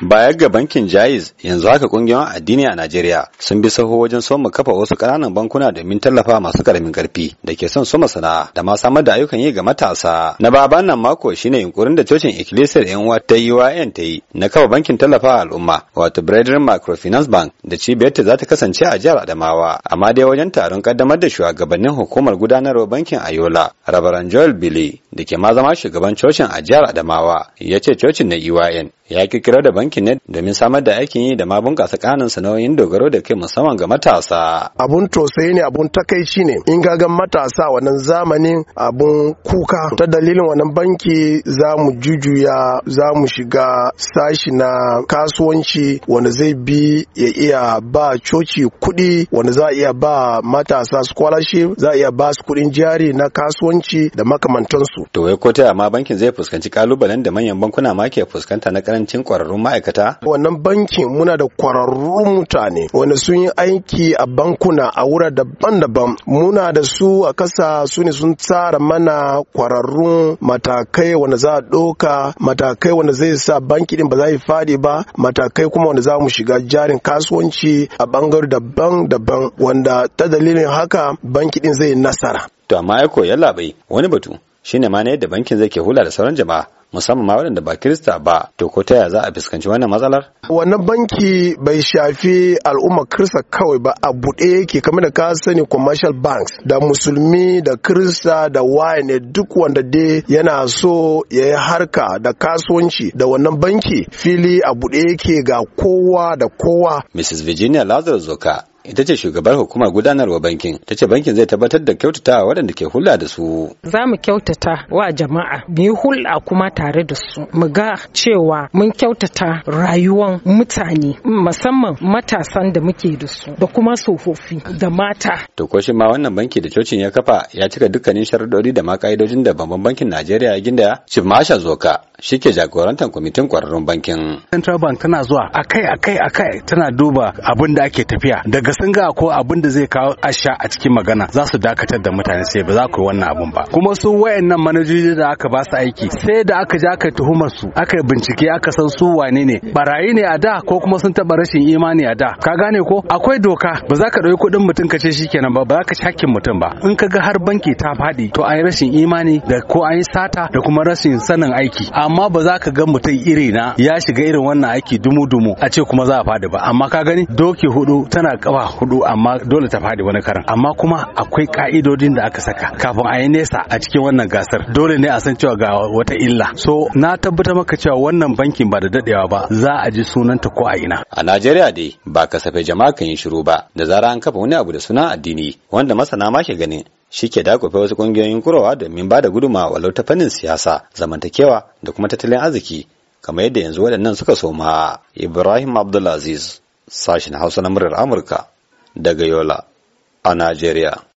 Baya ga bankin Jaiz yanzu haka kungiyoyin addini a Najeriya sun bi saho wajen soma kafa wasu ƙananan bankuna domin tallafa masu ƙaramin ƙarfi da ke son soma sana'a da ma samar da ayyukan yi ga matasa. Na baban nan mako shine yunkurin da cocin Ikkilisiyar yan uwa ta UIN ta yi na kafa bankin tallafa a al'umma wato Brethren Microfinance Bank da cibiyar ta za ta kasance a jihar Adamawa amma dai wajen taron kaddamar da shugabannin hukumar gudanarwa bankin Ayola Rabaran Joel Billy da ke ma zama shugaban cocin a jihar Adamawa ya ce cocin na EYN ya kirkiro da bankin ne domin samar da aikin yi da ma bunƙasa kanin sana'o'in dogaro da kai musamman ga matasa. Abun tosai ne abun takaici ne in ga matasa wannan zamanin abun kuka ta dalilin wannan banki za mu jujuya za mu shiga sashi na kasuwanci wanda zai bi ya iya ba coci kuɗi wanda za a iya ba matasa scholarship za a iya ba su kuɗin jari na kasuwanci da makamantansu. su to wai ko ta amma bankin zai fuskanci kalubalen da manyan bankuna ma ke fuskanta na karancin kwararrun ma'aikata wannan bankin muna da kwararrun mutane wanda sun yi aiki a bankuna a wura daban-daban muna da su a kasa su ne sun tsara mana kwararrun matakai wanda za a ɗoka matakai wanda zai sa banki din ba za yi fadi ba matakai kuma wanda za mu shiga jarin kasuwanci a bangar daban-daban wanda ta dalilin haka banki din zai nasara. To amma ya koya labai wani batu shine ma ne yadda bankin zai ke hula da sauran jama'a musamman ma waɗanda ba kirista ba to ko ta za a fuskanci wannan matsalar wannan banki bai shafi al'ummar kirista kawai ba a buɗe yake kamar da ka sani commercial banks da musulmi da kirista da waye ne duk wanda dai yana so ya yi harka da kasuwanci da wannan banki fili a buɗe yake ga kowa da kowa mrs virginia lazarus zoka ita ce shugabar hukumar gudanarwa bankin ta ce bankin zai tabbatar da kyautata waɗanda ke hula da su za mu kyautata wa jama'a mu yi hulɗa kuma tare da su mu ga cewa mun kyautata rayuwan mutane musamman matasan da muke da su da kuma tsofaffi da mata to ko shi ma wannan banki da cocin ya kafa ya cika dukkanin sharuɗori da ma ka'idojin da babban bankin Najeriya ya ginda Chief Masha Zoka shi ke jagorantar kwamitin kwararrun bankin. Central Bank tana zuwa akai akai akai tana duba abin da ake tafiya daga sun ga ko abin da zai kawo asha a cikin magana za su dakatar da mutane sai ba za ku yi wannan abun ba. Kuma su wayannan manajoji da aka ba su aiki sai da aka je aka tuhumar su aka yi bincike aka san su wane ne barayi ne a da ko kuma sun taba rashin imani a da ka gane ko akwai doka ba za ka ɗauki kuɗin mutum ka ce kenan ba ba za ka ci mutum ba in ka ga har banki ta faɗi to an yi rashin imani da ko an yi sata da kuma rashin sanin aiki amma ba za ka ga mutum iri na ya shiga irin wannan aiki dumu-dumu a ce kuma za a fadi ba amma ka gani doki hudu tana kawa hudu amma dole ta fadi wani karan amma kuma akwai ka'idodin da aka saka kafin a yi nesa a cikin wannan gasar dole ne a san cewa ga wata illa so na tabbata maka cewa wannan bankin ba da dadewa ba za a ji sunanta ko a ina a Najeriya dai ba kasafai jama'a kan yi shiru ba da zara an kafa wani abu da suna addini wanda masana ma ke ganin shi ke dakufe wasu kungiyoyin kurowa domin ba da gudunmawa walau ta fannin siyasa zamantakewa da kuma tattalin arziki kamar yadda yanzu waɗannan suka soma ibrahim abdulaziz sashen hausa na murar amurka daga yola a najeriya